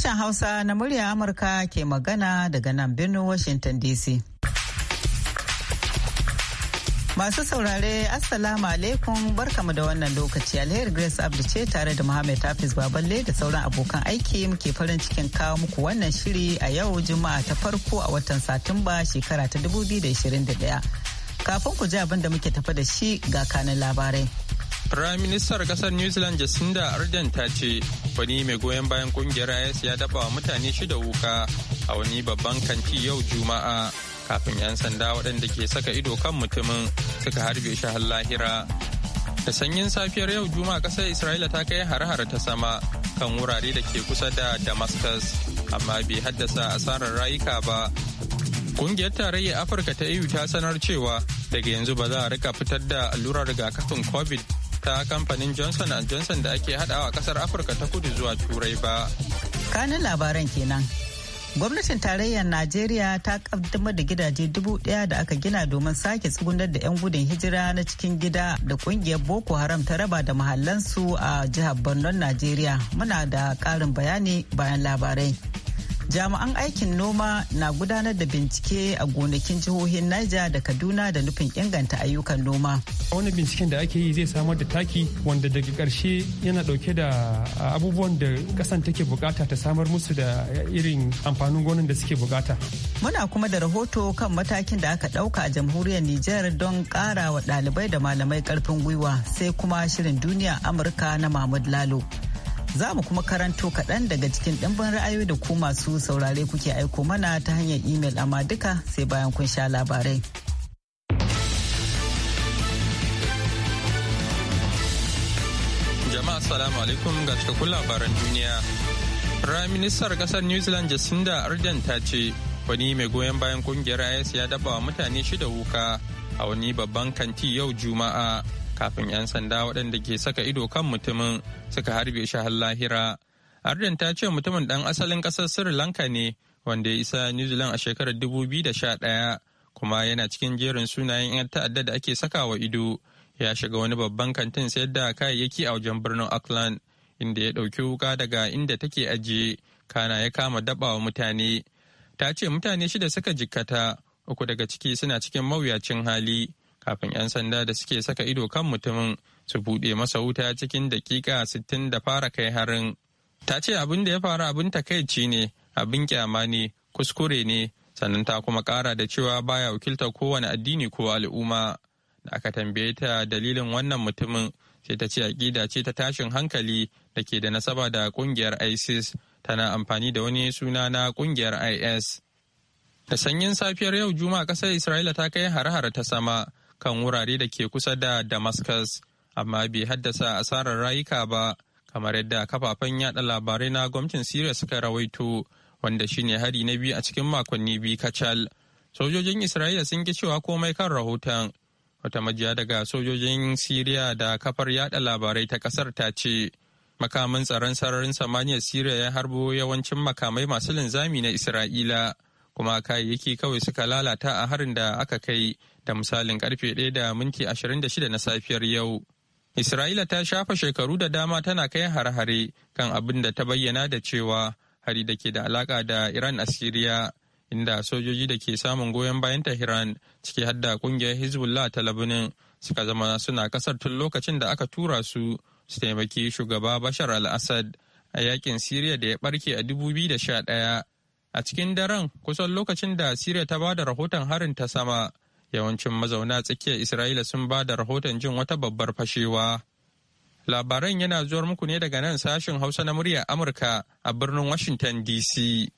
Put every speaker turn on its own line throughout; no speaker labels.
Sashen Hausa na murya Amurka ke magana daga nan birnin Washington DC. Masu saurare Assalamu alaikum barkamu da wannan lokaci alheri Grace Abdu ce tare da Muhammad Hafiz Baballe da sauran abokan aiki muke farin cikin kawo muku wannan shiri a yau Juma'a ta farko a watan Satumba shekara ta 2021. Kafin ku ji abin da muke tafa da shi ga kanin labarai.
Firaministar kasar New Zealand Jacinda Ardern ta ce wani mai goyon bayan kungiyar IS ya dafa wa mutane shida wuka a wani babban kanti yau Juma'a kafin 'yan sanda waɗanda ke saka ido kan mutumin suka harbe shi har lahira. Da sanyin safiyar yau Juma'a ƙasar Isra'ila ta kai har-har ta sama kan wurare da ke kusa da Damascus amma bai haddasa asarar rayuka ba. Kungiyar tarayyar Afirka ta EU ta sanar cewa daga yanzu ba za a rika fitar da allurar rigakafin COVID ta kamfanin Johnson Johnson da ake hadawa kasar Afirka ta kudu zuwa Turai ba.
Kanin labaran kenan. Gwamnatin tarayyar Najeriya ta kaddamar da gidaje dubu daya da aka gina domin sake tsugunar da 'yan gudun hijira na cikin gida da kungiyar Boko Haram ta raba da mahallansu a jihar Borno Najeriya. Muna da karin bayani bayan labarai. jami'an aikin noma na gudanar da bincike a gonakin jihohin Niger da Kaduna da nufin inganta ayyukan noma. Wani
binciken da ake yi zai samar da taki wanda daga karshe yana ɗauke da abubuwan da ƙasan take bukata ta samar musu da irin amfanin gonan da suke bukata.
Muna kuma da rahoto kan matakin da aka ɗauka a jamhuriyar Nijar don ƙara wa ɗalibai da malamai karfin gwiwa sai kuma shirin duniya Amurka na Mahmud Lalo. za mu kuma karanto kaɗan daga cikin ɗimbin ra'ayoyi da ku masu saurare kuke aiko mana ta hanyar imel amma duka sai bayan kun sha labarai.
Jama'a salamu alaikum ga cikakkun labaran duniya. Prime Minister kasar New Zealand Jacinda Ardern ta ce wani mai goyon bayan kungiyar IS ya daba wa mutane shida wuka a wani babban kanti yau Juma'a. kafin 'yan sanda waɗanda ke saka ido kan mutumin suka harbe shi har lahira. Arden ta ce mutumin ɗan asalin ƙasar Sri Lanka ne wanda ya isa New Zealand a shekarar 2011 kuma yana cikin jerin sunayen 'yan ta'adda da ake saka wa ido. Ya shiga wani babban kantin sayar da kayayyaki a wajen birnin Auckland inda ya ɗauki wuka daga inda take ajiye kana ya kama wa mutane. Ta ce mutane shida suka jikkata uku daga ciki suna cikin mawuyacin hali. kafin 'yan sanda da suke saka ido kan mutumin su buɗe masa wuta cikin dakika sittin da fara kai harin. Ta ce abin da ya faru abin takaici ne, abin kyama ne, kuskure ne, sannan ta kuma ƙara da cewa baya wakiltar kowane addini ko al'umma. Da aka tambaye ta dalilin wannan mutumin sai ta ce aƙida ce ta tashin hankali da ke da nasaba da ƙungiyar ISIS tana amfani da wani suna na ƙungiyar IS. Da sanyin safiyar yau Juma'a ƙasar Isra'ila ta kai har-har ta sama kan wurare da ke kusa da Damascus, amma bai haddasa asarar rayuka ba, kamar yadda kafafen yada labarai na gwamnatin Syria suka rawaito, wanda shine hari na biyu a cikin makonni biyu kacal. Sojojin Isra'ila sun ki cewa komai kan rahoton. Wata majiya daga sojojin Siriya da kafar yada labarai ta kasar ta ce, makamin tsaron sararin samaniyar Siriya ya harbo yawancin makamai masu linzami na Isra'ila. kuma kayayyaki kawai suka lalata a harin da aka kai da misalin karfe 1 da minti 26 na safiyar yau. Isra'ila ta shafa shekaru da dama tana kai har hare kan abin da ta bayyana da cewa hari da ke da alaka da Iran a Siriya, inda sojoji da ke samun goyon bayan Tehran ciki har da kungiyar Hezbollah ta Labanin suka zama suna kasar tun lokacin da aka tura su su taimaki shugaba Bashar al-Assad a yakin Siriya da ya barke a 2011 A cikin daren kusan lokacin da Siriya ta ba da rahoton harin ta sama, yawancin mazauna tsakiyar Isra'ila sun bada rahoton jin wata babbar fashewa. Labaran yana zuwar muku ne daga nan sashen Hausa na muryar Amurka a birnin Washington DC.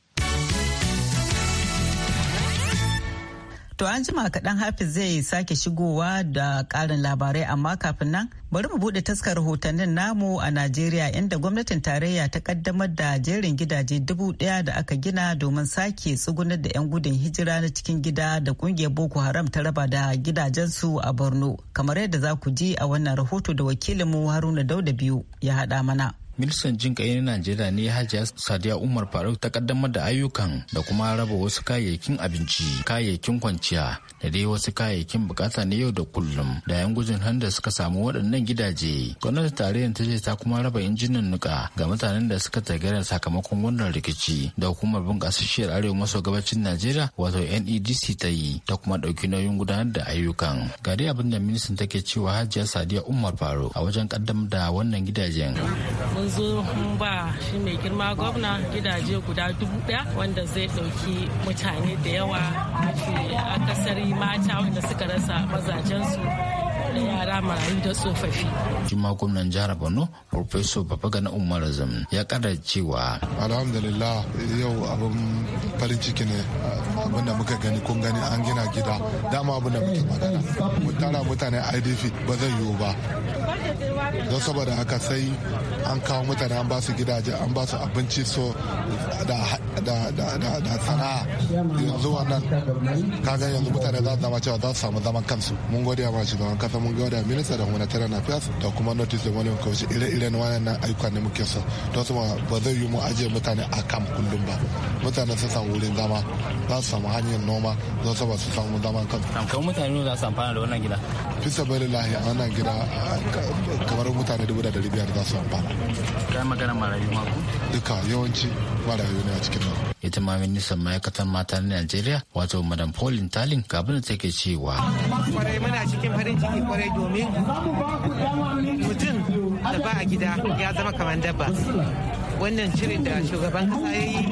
To an jima kaɗan Hafiz zai sake shigowa da ƙarin labarai amma kafin nan bari mu buɗe taskar rahotannin namu a Najeriya inda gwamnatin tarayya ta ƙaddamar da jerin gidaje dubu ɗaya da aka gina domin sake tsugunar da 'yan gudun hijira na cikin gida da ƙungiyar Boko Haram ta raba da gidajensu a Borno kamar yadda za ku ji a wannan rahoto da wakilinmu Haruna Dauda biyu ya haɗa mana.
Milson Jinkai na Najeriya ne Hajiya Sadiya Umar Faruk ta kaddamar da ayyukan da kuma raba wasu kayayyakin abinci, kayayyakin kwanciya da dai wasu kayayyakin bukata na yau da kullum da yan gudun handa suka samu waɗannan gidaje. Gwamnati tarayyar ta ce ta kuma raba injinan nuka ga mutanen da suka tagara sakamakon wannan rikici da hukumar shiyar arewa maso gabacin Najeriya wato NEDC ta yi ta kuma ɗauki nauyin gudanar da ayyukan. Ga dai abin da ministan take cewa Hajiya Sadiya Umar Faruk a wajen kaddamar da wannan gidajen.
zo mun ba shi mai girma gwamna gidaje guda dubu daya wanda zai dauki mutane da yawa a kasar mata wanda suka rasa mazajensu da yara
marayu da tsofaffi. Juma gwamnan jihar Borno Professor na Umar Zam ya kada cewa. Alhamdulillah yau abin farin ciki ne abin da muka gani kun gani an gina gida dama abin da muke magana. Mu tara mutane IDP ba zai yiwu ba. Don saboda haka sai an kawo mutane an ba su gidaje an ba su abinci so da sana'a yanzu wannan kaga yanzu mutane za su zama cewa za su samu zaman kansu mun gode ma shugaban kasa mun ga da minista da humanitarian affairs da kuma notice da wani kawai ire-ire na ayyuka ne muke so don su ba zai yi mu ajiye mutane a kam kullum ba mutane su samu wurin zama za su samu hanyar noma don su ba su samu zaman kan kamar mutane za su amfana da wannan gida. fi bai lahi a wannan gida kamar mutane dubu da dari biyar za su amfana. kayan magana marayu mako. duka yawanci marayu ne a cikin nan. ita ma ministan ma'aikatan mata na najeriya wato madam pauline talin ga abin da take cewa.
kwarai muna cikin farin ciki kwarai domin
mutum da ba a gida ya zama kamar dabba wannan shirin da shugaban kasa ya yi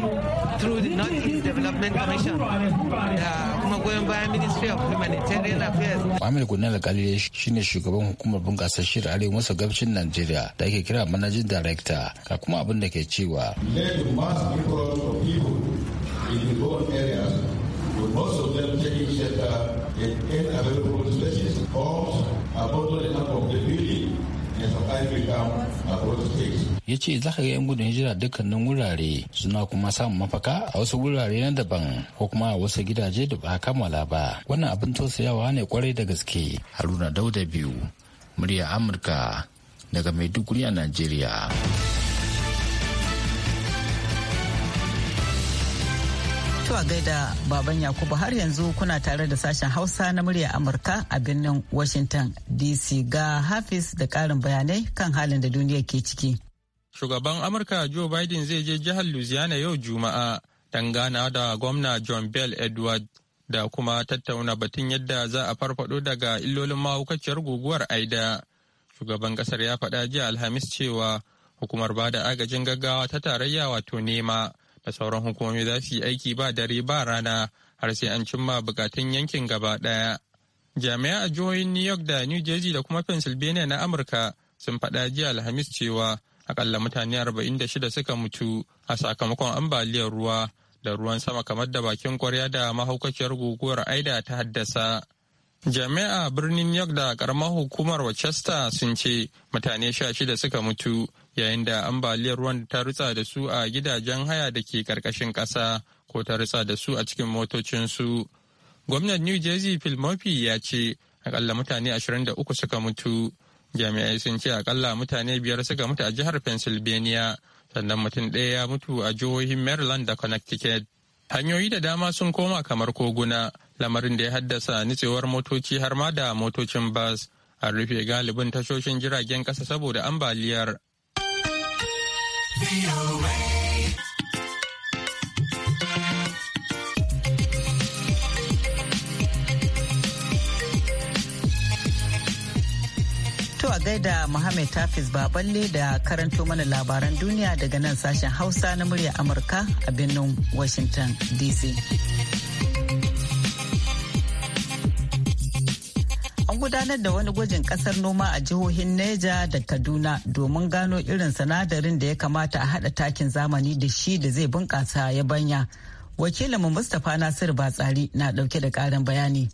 through the north east development commission da kuma goyon bayan ministry of humanitarian affairs
Muhammad Gunnar alkali shine shugaban hukumar bunkasa shirin arewa masa gabashin Najeriya da ake kira managing director ga kuma abin da ke cewa let the mass people ya ce za ka ga 'yan gudun hijira dukkanin wurare suna kuma samun mafaka a wasu wurare na daban ko kuma a wasu gidaje da ba kammala ba wannan abin tausayawa ne kwarai da gaske haruna dauda biyu murya amurka daga maiduguri a najeriya
zuwa gaida baban yakubu har yanzu kuna tare da sashen hausa na murya amurka a birnin washington dc ga hafiz da ƙarin bayanai kan halin da duniya ke ciki
shugaban Amurka Joe Biden zai je jihar Louisiana yau Juma'a dangana gana da gwamna John Bell Edward da kuma tattauna batun yadda za a farfado daga illolin mahaukaciyar guguwar Aida. Shugaban kasar ya faɗa jiya Alhamis cewa hukumar ba da agajin gaggawa ta tarayya wato nema da sauran hukumomi za su yi aiki ba dare ba rana har sai an cimma bukatun yankin gaba ɗaya. Jami'a a jihohin New York da New Jersey da kuma Pennsylvania na Amurka sun faɗa jiya Alhamis cewa akalla mutane 46 suka mutu a sakamakon ambaliyar ruwa da ruwan sama kamar da bakin kwarya da mahaukaciyar guguwar aida ta haddasa jami'a birnin york da karamar hukumar wacesta sun ce mutane 16 suka mutu yayin da ambaliyar ruwan ta rutsa da su a gidajen haya da ke karkashin kasa ko ta rutsa da su a cikin motocinsu gwamnan new jersey phil murphy ya ce akalla mutane 23 suka mutu jami'ai sun ce akalla mutane biyar suka mutu a jihar pennsylvania sannan mutum ɗaya ya mutu a jihohin maryland da connecticut hanyoyi da dama sun koma kamar koguna lamarin da ya haddasa nitsewar motoci har ma da motocin bas an rufe galibin tashoshin jiragen ƙasa saboda ambaliyar.
gaida Mohammed Tafis Baballe da karanto mana labaran duniya daga nan sashen Hausa na murya Amurka a birnin Washington DC. An gudanar da wani gwajin kasar noma a jihohin Neja da Kaduna domin gano irin sinadarin da ya kamata a haɗa takin zamani da shi da zai bunkasa ya banya Wakilinmu Mustapha Nasiru Batsari na ɗauke da ƙarin bayani.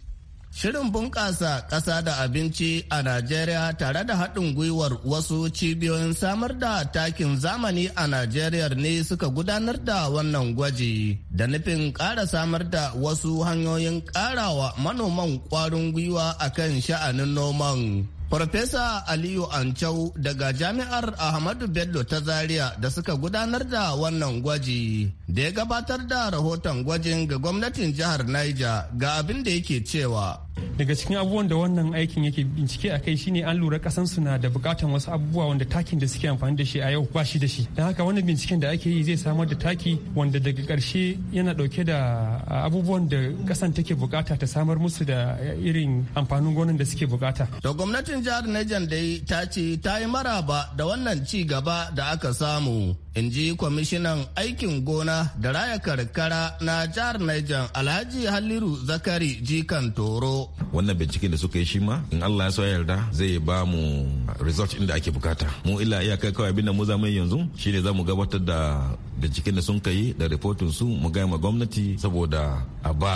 Shirin bunƙasa ƙasa da abinci a Najeriya tare da haɗin gwiwar wasu cibiyoyin samar da takin zamani a Najeriya ne suka gudanar da wannan gwaji da nufin ƙara samar da wasu hanyoyin ƙarawa manoman ƙwarin gwiwa a kan sha'anin noman. Farfesa Aliyu Ancau daga Jami'ar Ahmadu Bello ta Zaria da suka gudanar da wannan gwaji da ya gabatar da rahoton gwajin ga gwamnatin jihar Niger
ga abin da yake cewa. daga cikin abubuwan da wannan aikin yake bincike a kai shine an lura kasan su na da bukatan wasu abubuwa wanda takin da suke amfani da shi a yau ba shi da shi don haka wannan binciken da ake yi zai samar da taki wanda daga karshe yana dauke da abubuwan da kasan take bukata ta samar musu da irin amfanin gonan da suke bukata to gwamnatin jihar
Niger dai ta ce ta yi maraba da wannan ci gaba da aka samu in ji kwamishinan aikin gona da raya karkara na jihar Niger Alhaji Halliru Zakari Jikan Toro.
Wannan binciken da suka yi shi ma in Allah ya so yarda zai ba mu result inda ake bukata. Mu illa iyakar kawai abinda mu zamu yanzu shine zamu gabatar da binciken da sun kai da rahoton su mu gaya ma gwamnati saboda a ba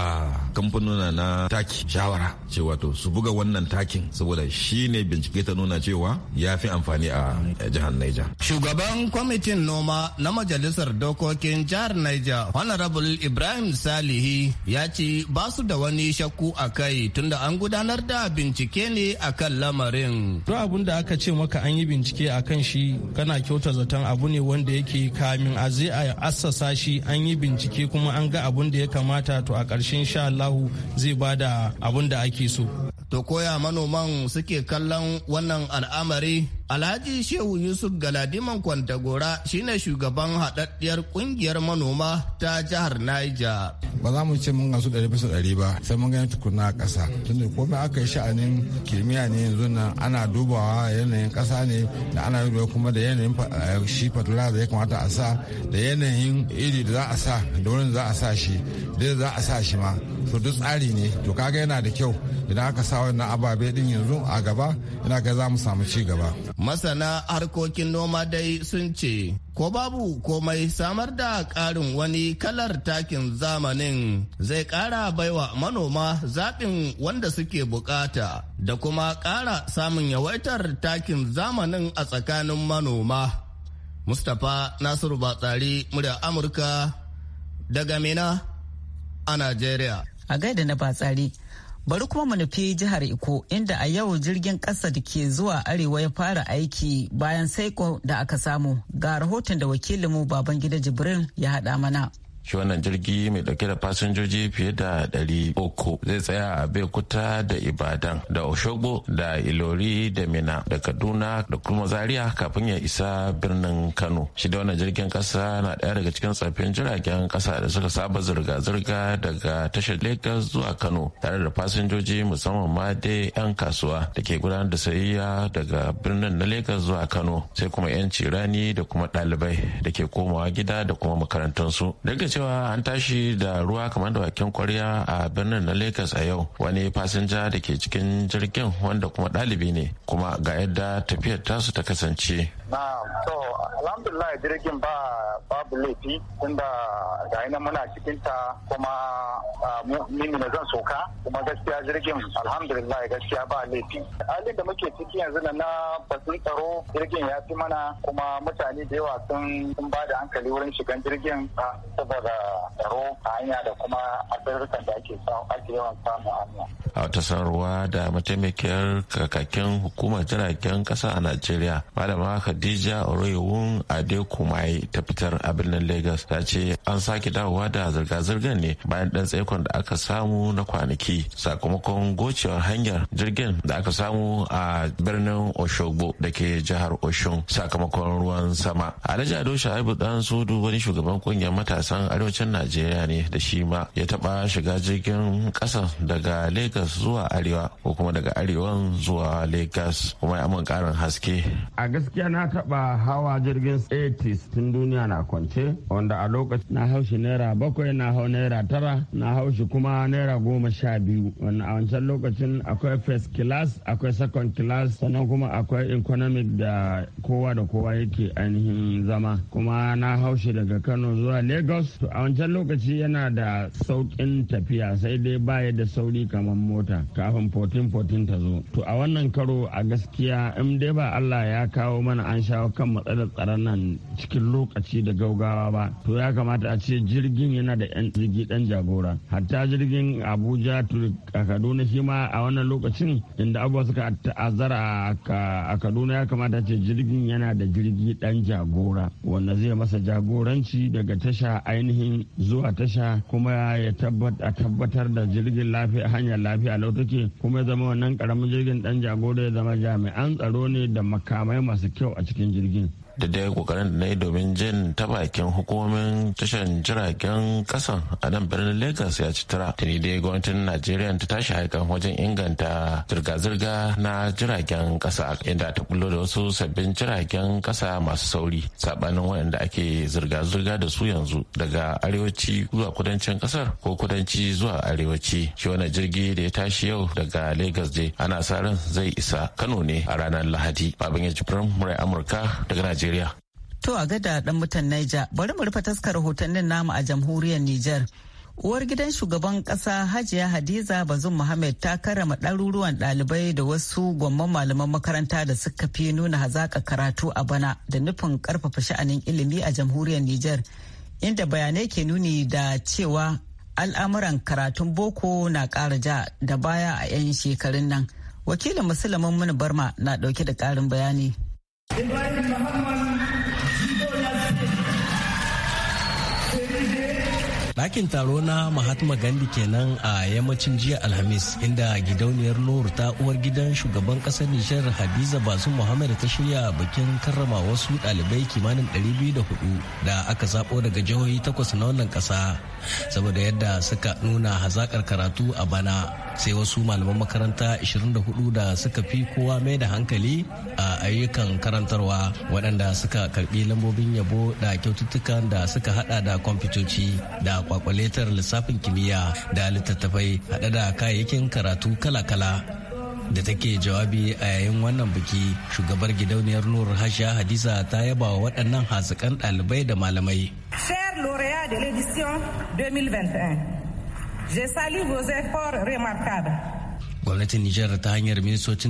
kamfanona na taki shawara cewa to su buga wannan takin saboda shi ne bincike ta nuna cewa ya fi amfani a jihar Niger.
Shugaban kwamitin noma na majalisar dokokin jihar Niger Honorable Ibrahim Salihi ya ce ba su da wani shakku a kai tunda an gudanar da bincike ne a kan lamarin. Duk abin da aka ce maka an yi bincike a kan shi kana kyauta zaton abu ne wanda yake kamin azi a assasa shi an yi bincike kuma an ga abun da ya kamata to a ƙarshen sha Allahu zai bada abun da ake so. To koya manoman suke kallon wannan al'amari Alhaji Shehu Yusuf Galadiman Kwantagora shine shugaban haɗaɗɗiyar ƙungiyar manoma
ta jihar Niger. ba za mu ce mun gasu ɗari bisa ɗari ba sai mun gani tukuna a ƙasa tunda komai aka yi sha'anin kimiyya ne yanzu nan ana dubawa yanayin ƙasa ne da ana dubawa kuma da yanayin eh, shi fatula da ya kamata a sa da yanayin iri da za a sa da wurin za a sa shi da za a sa shi ma to duk tsari ne to kaga yana da kyau idan aka sa wannan ababe din yanzu a gaba ina ga za mu samu ci gaba
masana harkokin noma dai sun ce ko babu komai samar da ƙarin wani kalar takin zamanin zai ƙara baiwa manoma zaɓin wanda suke buƙata da kuma ƙara samun yawaitar takin zamanin a tsakanin manoma. Mustapha Nasiru Batsari murya Amurka daga Mina a Najeriya.
A gaida na Batsari. Bari kuma mu nufi jihar Iko inda a yau jirgin ƙasa da ke zuwa arewa ya fara aiki bayan saiko da aka samu ga rahoton da wakilinmu gida jibril ya haɗa mana.
shi wannan jirgi mai dauke da fasinjoji fiye da ɗari zai tsaya a bekuta da ibadan da oshogbo da ilori da mina da kaduna da kuma zaria kafin ya isa birnin kano shi da wannan jirgin kasa na ɗaya daga cikin tsaffin jiragen kasa da suka saba zirga-zirga daga tashar lagos zuwa kano tare da fasinjoji musamman ma dai 'yan kasuwa da ke gudanar da sayayya daga birnin na lagos zuwa kano sai kuma 'yan cirani da kuma ɗalibai da ke komawa gida da kuma makarantunsu cewa an tashi da ruwa kamar da bakin kwarya a birnin na Lagos a yau wani fasinja da ke cikin jirgin wanda kuma ɗalibi ne kuma ga yadda tafiyar tasu ta kasance.
Na alhamdulillah jirgin ba babu laifi tunda ga ina muna cikin ta kuma ni ne zan soka kuma gaskiya jirgin alhamdulillah gaskiya ba laifi. Halin da muke ciki yanzu na batun tsaro jirgin ya fi mana kuma mutane da yawa sun ba da hankali wurin shigan jirgin saboda da tsaro a hanya da kuma asirukan da ake ake yawan samu hanya.
A wata sanarwa da mataimakiyar kakakin hukumar jiragen kasa a Najeriya, Malama Khadija Oroyewun Adekumai ta fitar a birnin Lagos ta ce an sake dawowa da zirga-zirgar ne bayan ɗan tsaikon da aka samu na kwanaki sakamakon gocewar hanyar jirgin da aka samu a birnin Oshogbo da ke jihar Oshun sakamakon ruwan sama. Alhaji Ado Sha'ibu Dan Sudu wani shugaban kungiyar matasan arewacin najeriya ne da shi ma ya taɓa shiga jirgin kasa daga lagos zuwa arewa ko kuma daga arewan zuwa lagos kuma ya amin ƙarin haske
a gaskiya na taba hawa jirgin 80 tun duniya na kwance wanda a lokacin na hau naira bakwai na hau naira tara na hau kuma naira goma sha biyu wanda a wancan lokacin akwai first class akwai second class sannan kuma akwai economic da kowa da kowa yake ainihin zama kuma na haushi daga kano zuwa lagos to a wancan lokaci yana da sauƙin tafiya sai dai baya da sauri kamar mota kafin 1414 ta zo to a wannan karo a gaskiya in dai ba Allah ya kawo mana an shawo kan matsalar tsaron nan cikin lokaci da gaugawa ba to ya kamata a ce jirgin yana da yan jirgi dan jagora hatta jirgin Abuja a Kaduna shi ma a wannan lokacin inda abubuwa suka ta'azzara a Kaduna ya kamata a ce jirgin yana da jirgi dan jagora wanda zai masa jagoranci daga tasha ainihin ainihin zuwa tasha kuma ya tabbatar da jirgin lafiya hanyar lafiya lau kuma ya zama wannan karamin jirgin dan jagora ya zama jami'an tsaro ne da makamai masu kyau a cikin jirgin
da dai kokarin da na yi domin jin ta bakin hukumomin tashar jiragen kasan a nan birnin lagos ya ci tara tuni dai gwamnatin najeriya ta tashi haikan wajen inganta zirga-zirga na jiragen kasa inda ta kullo da wasu sabbin jiragen kasa masu sauri sabanin waɗanda ake zirga-zirga da su yanzu daga arewaci zuwa kudancin kasar ko kudanci zuwa arewaci shi wani jirgi da ya tashi yau daga lagos dai ana sa ran zai isa kano ne a ranar lahadi babin ya murai amurka daga najeriya Najeriya.
To a gada dan mutan Niger bari mu rufe taskar hotannin namu a jamhuriyar Niger. Uwar gidan shugaban kasa Hajiya Hadiza Bazum Muhammad ta karrama ɗaruruwan ɗalibai da wasu gwamman malaman makaranta da suka fi nuna hazaka karatu a bana da nufin ƙarfafa sha'anin ilimi a jamhuriyar Nijar. Inda bayanai ke nuni da cewa al'amuran karatun boko na ƙara ja da baya a 'yan shekarun nan. Wakilin Musulman Muni Barma na ɗauke da ƙarin bayani.
Ibrahim Muhammad
Dakin taro na Mahatma Gandhi kenan a yammacin jiya Alhamis inda gidauniyar Nur ta uwar gidan shugaban ƙasar Nijar Hadiza Basu Muhammad ta shirya bikin karrama wasu ɗalibai kimanin 204 da aka zaɓo daga jihohi takwas na wannan ƙasa saboda yadda suka nuna hazaƙar karatu a bana. sai wasu malaman makaranta 24 da suka fi kowa mai da hankali a ayyukan karantarwa waɗanda suka karbi lambobin yabo da kyaututtukan da suka hada da kwamfutoci da kwakwaletar lissafin kimiyya da littattafai hada da kayayyakin karatu kala-kala da take jawabi a yayin wannan biki shugabar gidauniyar nur hasha hadiza ta yaba wa waɗannan hazikan ɗalibai da malamai.
Cher lauréat de l'édition 2021, J'ai salué vos efforts é remarquables.
gwamnatin nijar ta hanyar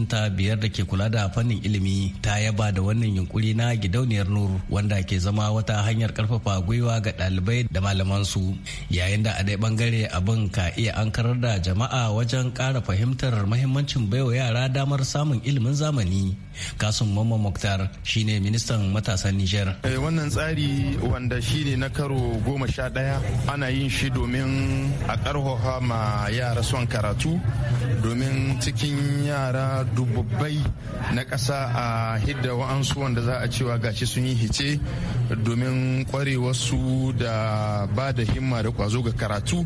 ta biyar da ke kula da fannin ilimi ta yaba da wannan yunkuri na gidauniyar nur wanda ke zama wata hanyar karfafa gwiwa ga ɗalibai da malamansu yayin da a dai bangare abin ka iya ankarar da jama'a wajen kara fahimtar mahimmancin baiwa yara damar samun ilimin zamani kasun mamma muktar shine ministan matasan nijar
eh, wannan tsari wanda shine na karo goma sha ɗaya ana yin shi domin a ƙarfafa ma yara son karatu domin cikin yara dubbai na ƙasa a hidda wa'ansu wanda za a cewa gashi sun yi hice domin kwarewarsu da ba da himma da kwazo ga karatu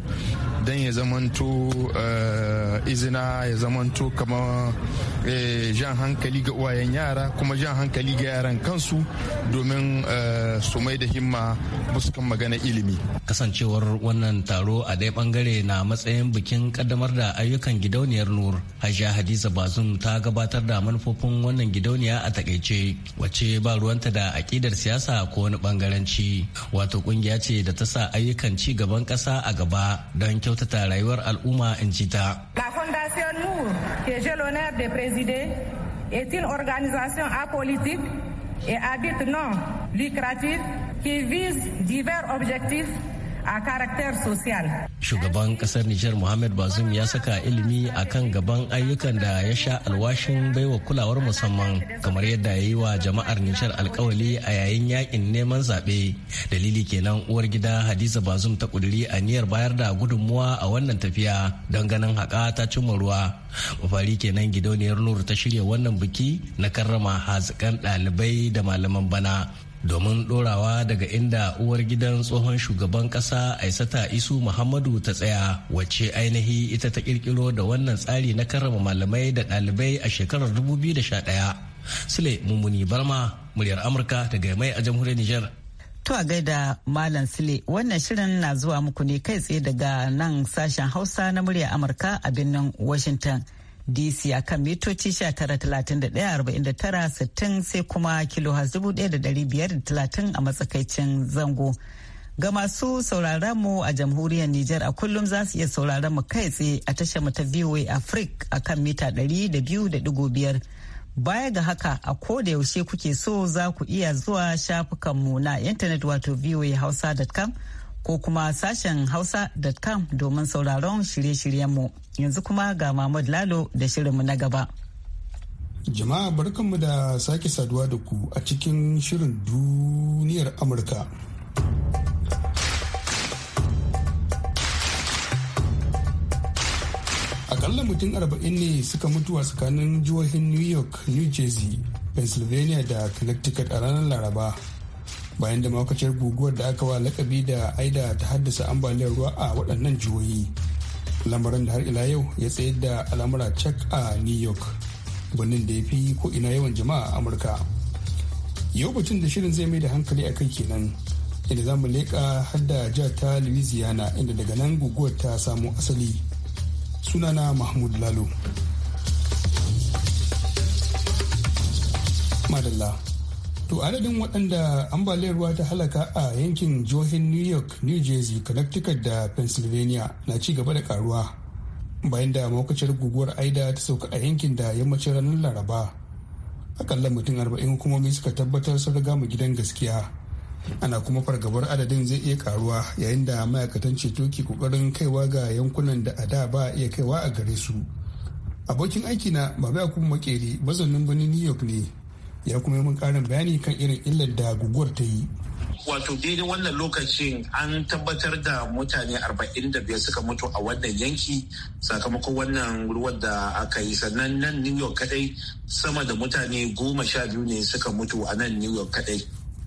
don ya zamanto eh, izina ya zamanto kama eh, jan hankali ga uwayen
yara kuma jan hankali ga yaran kansu domin eh, su mai da himma buskan magana ilimi kasancewar wannan taro a ɗaya bangare na matsayin bikin kaddamar da ayyukan gidauniyar noma Barur. Hajiya Hadiza Bazum ta gabatar da manufofin wannan gidauniya a takaice wace ba ruwanta da akidar siyasa ko wani bangaranci. Wato kungiya ce da ta sa ayyukan ci gaban kasa a gaba don kyautata rayuwar al'umma in ji ta.
La Fondation Nour, que j'ai l'honneur de présider, est une organisation apolitique et but non lucratif qui vise divers objectifs a karakter social.
Shugaban kasar Nijar Muhammad Bazoum ya saka ilimi a kan gaban ayyukan da ya sha alwashin baiwa kulawar musamman kamar yadda ya yi wa jama'ar Nijar alkawali a yayin yakin neman zaɓe. Dalili kenan uwar gida Hadiza Bazoum ta ƙuduri niyyar bayar da gudunmuwa a wannan tafiya don ganin haƙa ta cimma ruwa. Mafari kenan gidauniyar Nur ta shirya wannan biki na karrama hazikan ɗalibai da malaman bana. domin dorawa daga inda uwar gidan tsohon shugaban ƙasa aisata isu muhammadu ta tsaya wacce ainihi ita ta kirkiro da wannan tsari na karrama malamai da ɗalibai a shekarar 2011 sule mummuni barma muryar amurka daga mai a jamhuriyar niger.
To a gaida Malam Sule wannan shirin na zuwa muku ne kai tsaye daga nan sashen Hausa na murya Amurka a birnin Washington. DC a kan mitoci sittin sai kuma kilo 1,530 a matsakaicin zango. Ga masu sauraron mu a jamhuriyar Nijar a kullum za su iya sauraron mu kai tsaye a tashar mu ta VOA Africa a kan mita 200.5. Baya ga haka a koda yaushe kuke so za ku iya zuwa shafukanmu na intanet wato voahausa.com ko kuma sashen hausa.com domin sauraron shirye-shiryenmu. Yanzu kuma ga Mahmud Lalo da shirinmu na gaba. Jama'a barkanmu
da sake saduwa da ku a cikin shirin duniyar Amurka. Akalla mutum arba'in ne suka mutuwa tsakanin jihohin New York, New Jersey, Pennsylvania da Connecticut a ranar Laraba. bayan da makacin guguwar da aka wa lakabi da aida ta haddasa ambaliyar ruwa a waɗannan jihohi lamarin da har ila yau ya tsayar da al'amura cak a new york birnin da ya fi ko ina yawan jama'a amurka yau batun da shirin zai mai da hankali a kai kenan inda za mu leƙa hadda jihar ta louisiana inda daga nan guguwar ta samo asali sunana mahmud lalo madalla To adadin waɗanda ambaliyar ruwa ta halaka a yankin jihohin New York, New Jersey, Connecticut da Pennsylvania na ci gaba da karuwa bayan da mawakacin guguwar Aida ta sauka a yankin da yammacin ranar Laraba. Akalla mutum arba'in hukumomi suka tabbatar sun riga mu gidan gaskiya. Ana kuma fargabar adadin zai iya karuwa yayin da ma'aikatan ceto ke kokarin kaiwa ga yankunan da a da ba iya kaiwa a gare su. Abokin aiki na Babu Yakubu Makeri mazaunin birnin New York ne ya kuma yi mun karin bayani kan irin illar da guguwar ta yi
wato daidai wannan lokacin an tabbatar da mutane 45 suka mutu a wannan yanki sakamakon wannan ruwan da aka yi sannan nan new york kadai sama da mutane goma sha biyu ne suka mutu a nan new york kadai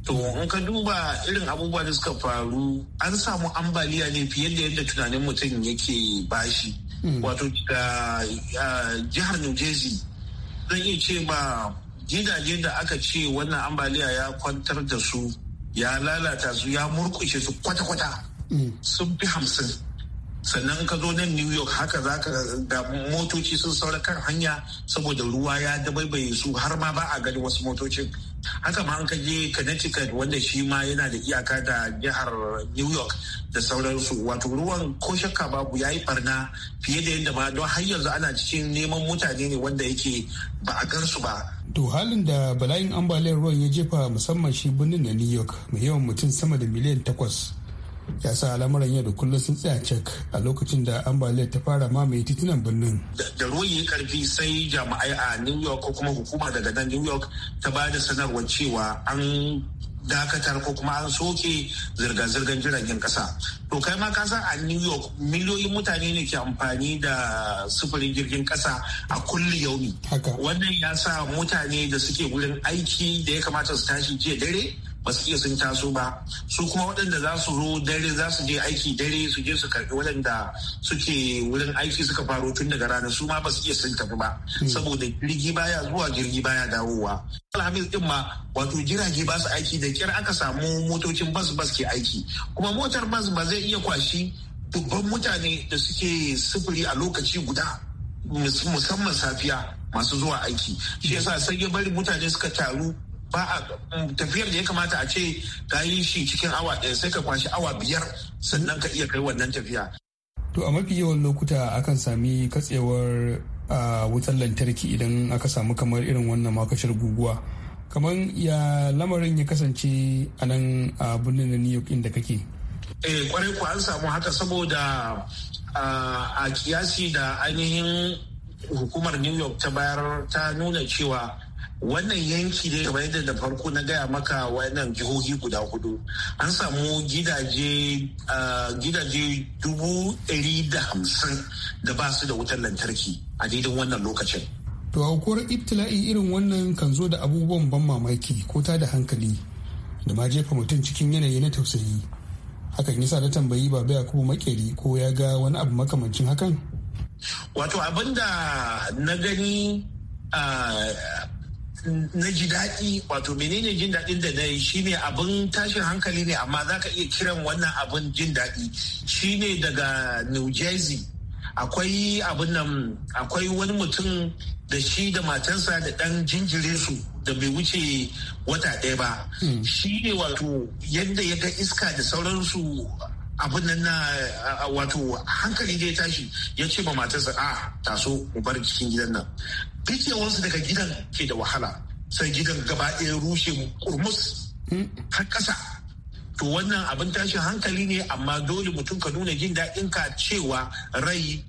to in ka duba irin abubuwa da suka faru an samu ambaliya ne fiye da yadda tunanin mutum yake bashi hmm. wato da ah, jihar new jersey zan iya ce ba gidaje da aka ce wannan ambaliya ya kwantar da su ya lalata su ya murkushe su kwata-kwata mm. sun fi hamsin sannan ka zo nan new york haka za ka da motoci sun saura kan hanya saboda ruwa ya dabaibaye su har ma ba a gani wasu motocin haka ma an ka je connecticut wanda shi ma yana da iyaka da jihar new york da sauransu wato ruwan ko shakka babu ya yi farna fiye da yadda ma don har yanzu ana cikin neman mutane ne wanda yake ba a gansu ba
to halin da bala'in ambaliyar ruwan ya jefa musamman shi birnin na new york mai yawan mutum sama da miliyan takwas ya sa al'amuran yau da kullum sun tsaya cek a lokacin da ambaliyar ta fara mamaye titunan birnin.
Da ruwan karfi sai jami'ai a New York ko kuma hukuma daga nan New York ta ba da sanarwar cewa an dakatar ko kuma an soke zirga-zirgar jiragen kasa. To kai ma kasa a New York miliyoyin mutane ne ke amfani da sufurin jirgin kasa a kulli yaumi. Wannan ya sa mutane da suke wurin aiki da ya kamata su tashi jiya dare ba su iya sun taso ba su kuma waɗanda za su zo dare za su je aiki dare su je su karɓi waɗanda suke wurin aiki suka faro tun daga rana su ma ba su iya sun tafi ba hmm. saboda jirgi baya zuwa jirgi baya dawowa alhamis din ma wato jirage ba su aiki da kyar aka samu motocin bas bas ke aiki kuma motar bas ba zai iya kwashi dubban mutane da suke sufuri a lokaci guda musamman safiya masu zuwa aiki shi yasa sai ya bari mutane suka taru ba a tafiyar da ya kamata a ce ka yi shi cikin awa ɗaya sai ka kwashi awa biyar sannan ka iya kai wannan tafiya.
To a mafi yawan lokuta akan sami katsewar a wutar lantarki idan aka samu kamar irin wannan makashar guguwa. Kamar ya lamarin ya kasance a nan a birnin New York inda kake.
Eh kwarai ku an samu haka saboda a kiyasi da ainihin hukumar New York ta bayar ta nuna cewa wannan yanki ne kamar yadda da farko na gaya maka wannan jihohi guda hudu an samu gidaje gidaje dubu ɗari da hamsin da ba su da wutar lantarki a daidai wannan lokacin
to aukuwar ibtila'i irin wannan kan zo da abubuwan ban mamaki ko ta da hankali da ma jefa mutum cikin yanayi na tausayi hakan yasa na tambayi baba yakubu makeri ko ya ga wani abu makamancin hakan
wato abin da na gani na ji daɗi wato menene jin daɗin da na yi shine abin tashin hankali ne amma za ka iya kiran wannan abin jin daɗi shine daga new jersey akwai abin nan akwai wani mutum da shi da matansa da ɗan jinjire su da bai wuce wata ɗaya ba hmm. shi ne wato yadda ya ga iska da sauransu abin nan na wato hankali zai tashi ya ce ma matarsa a ah, taso mu bar cikin gidan nan su daga gidan ke da wahala sai gidan gaba ɗaya rushe kurmus har ƙasa to wannan abin tashin hankali ne amma dole mutum ka nuna jin daɗin ka cewa rai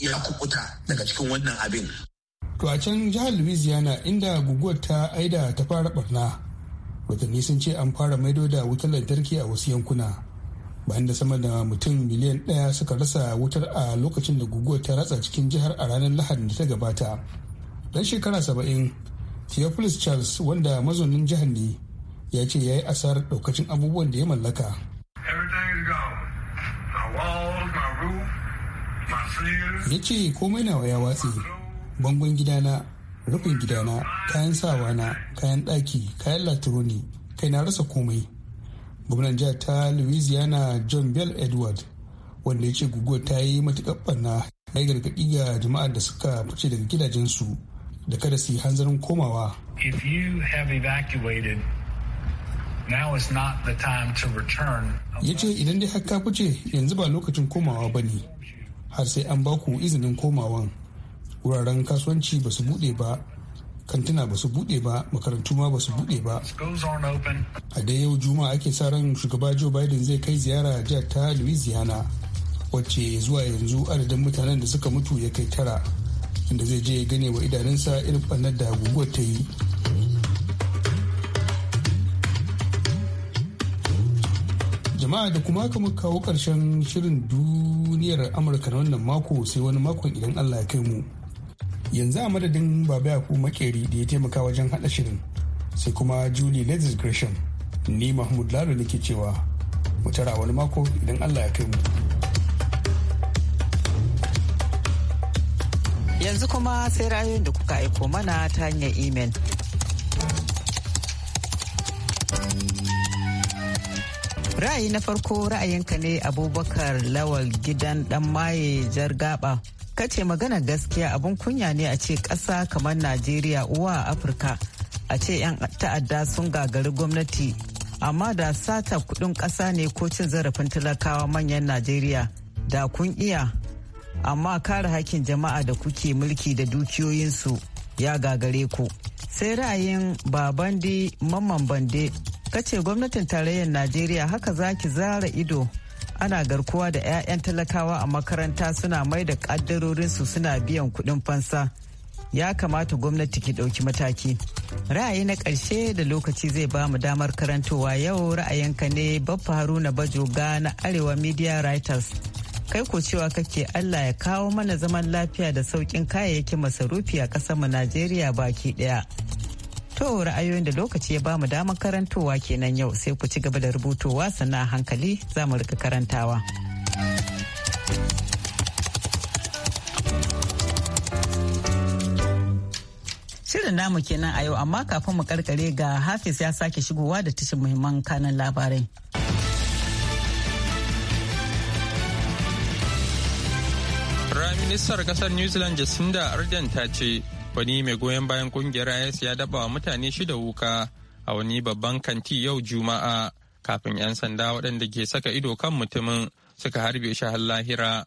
ya kukuta daga cikin wannan abin
to a can jihar louisiana inda guguwar ta aida ta fara barna watanni sun ce an fara maido da wutar lantarki a wasu yankuna bayan da sama da mutum miliyan ɗaya suka rasa wutar a lokacin da guguwar ta ratsa cikin jihar a ranar lahadin da ta gabata dan shekara saba'in theophilus charles wanda mazaunin jihar ne ya ce ya yi asar daukacin abubuwan da ya mallaka ya ce komai na waya watse bangon gidana rufin gidana kayan sawa na kayan ɗaki kayan latironi kai na rasa komai gwamnan jihar ta louisiana john bell edward wanda ya ce guguwar ta yi matuƙar ɓanna ya gargaɗi ga jama'ar da suka fice daga gidajensu da kada su yi hanzarin komawa. If you have evacuated is not the time ya ce idan dai haka fice yanzu ba lokacin komawa ba ne har sai an baku izinin komawan wuraren kasuwanci ba su buɗe ba kantuna ba su buɗe ba makarantu ma ba su buɗe ba a dai yau juma ake sa ran shugaba joe biden zai kai ziyara jihar ta louisiana wacce zuwa yanzu adadin mutanen da suka mutu ya kai tara inda zai je ya gane wa idanunsa irin ɓannar da guguwar ta yi jama'a da kuma haka kawo ƙarshen shirin duniyar amurka na wannan mako sai wani makon idan allah ya kai mu yanzu a madadin baba yaku makeri da ya taimaka wajen hada shirin sai kuma julie lezis gresham ni mahmud lalo nake cewa mu
wani mako idan allah ya kai mu. Yanzu kuma sai ra'ayoyin da kuka aiko mana ta hanyar imel. Ra'ayi na farko ra'ayinka ne abubakar lawal gidan dan maye jargaba. Kace magana gaskiya abun kunya ne a ce ƙasa kamar Najeriya uwa a Afirka. A ce 'yan ta'adda sun gagari gwamnati amma da sata kudin ƙasa ne ko cin zarafin talakawa manyan Najeriya da kun iya amma kare hakkin jama'a da kuke mulki da dukiyoyinsu ya gagare ku sai ra'ayin babandi mamman bande kace gwamnatin tarayyar najeriya haka zaki zara ido ana garkuwa da 'ya'yan talakawa a makaranta suna mai da ƙaddarorinsu suna biyan kuɗin fansa ya kamata gwamnati ki ɗauki mataki ra'ayi na ƙarshe da lokaci zai ba mu damar karantowa yau ra'ayinka ne baffa haruna bajoga na arewa media writers kai ko cewa kake Allah ya kawo mana zaman lafiya da sauƙin kayayyakin masarufi a ƙasarmu Najeriya baki ɗaya. To ra'ayoyin da lokaci ya ba mu damar karantowa kenan yau sai ku ci gaba da rubutowa sannan hankali za mu rika karantawa. Shirin namu kenan a yau amma kafin mu karkare ga Hafiz ya sake shigowa da tashin muhimman kanan labarai.
ministar kasar New Zealand Jacinda Ardern ta ce wani mai goyon bayan kungiyar IS ya daba wa mutane shida wuka a wani babban kanti yau Juma'a kafin 'yan sanda waɗanda ke saka ido kan mutumin suka harbe shi har lahira.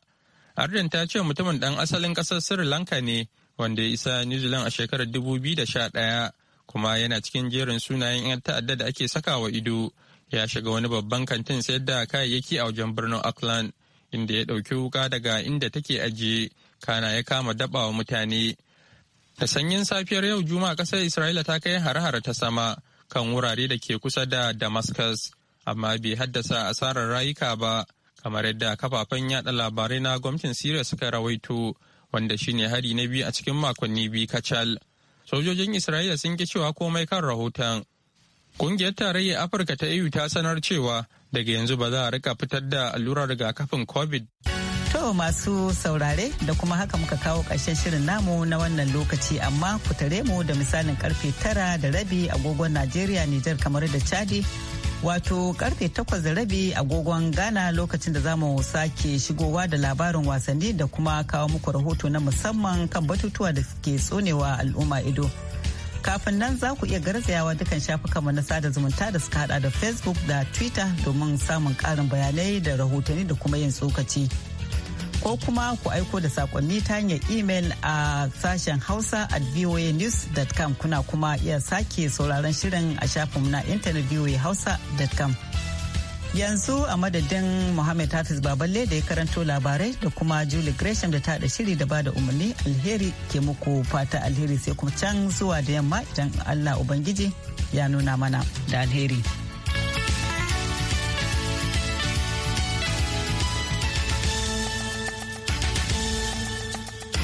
Ardern ta ce mutumin ɗan asalin ƙasar Sri Lanka ne wanda ya isa New Zealand a shekarar 2011 kuma yana cikin jerin sunayen 'yan ta'adda da ake sakawa ido ya shiga wani babban kantin sayar da kayayyaki a wajen birnin Auckland. inda ya ɗauki wuka daga inda take ajiye kana ya kama dabawa mutane da sanyin safiyar yau juma'a ƙasar isra'ila ta kai har hare ta sama kan wurare da ke kusa da damascus amma bai haddasa asarar rayuka ba kamar yadda kafafen yaɗa labarai na gwamnatin siriya suka rawaito wanda shine hari na biyu a cikin makonni biyu kacal sojojin isra'ila sun ki cewa komai kan rahoton Kungiyar Tarayyar Afirka ta EU ta sanar cewa daga yanzu ba za a rika fitar da allurar rigakafin covid
To masu saurare da kuma haka muka kawo ƙarshen shirin namu na wannan lokaci amma ku tare mu da misalin karfe tara da rabi agogon Najeriya Nijar kamar da Chadi wato karfe takwas da rabi agogon Ghana lokacin da zamu sake shigowa da labarin wasanni da kuma kawo muku rahoto na musamman kan batutuwa da ke tsonewa al'umma ido. Kafin nan za ku iya garzayawa dukkan shafukanmu na sada zumunta da suka hada da Facebook da Twitter domin samun karin bayanai da rahotanni da kuma yin tsokaci. Ko kuma ku aiko da sakonni ta hanyar email a sashen Hausa at voanews.com kuna kuma iya sake sauraron shirin a shafinmu na intanet voahausa.com. yanzu a madadin Mohammed Hafiz Baballe da ya karanto labarai da kuma Julie Gresham da ta da shiri da bada umarni alheri ke muku fata alheri sai kuma can zuwa da yamma idan Allah Ubangiji ya nuna mana da alheri.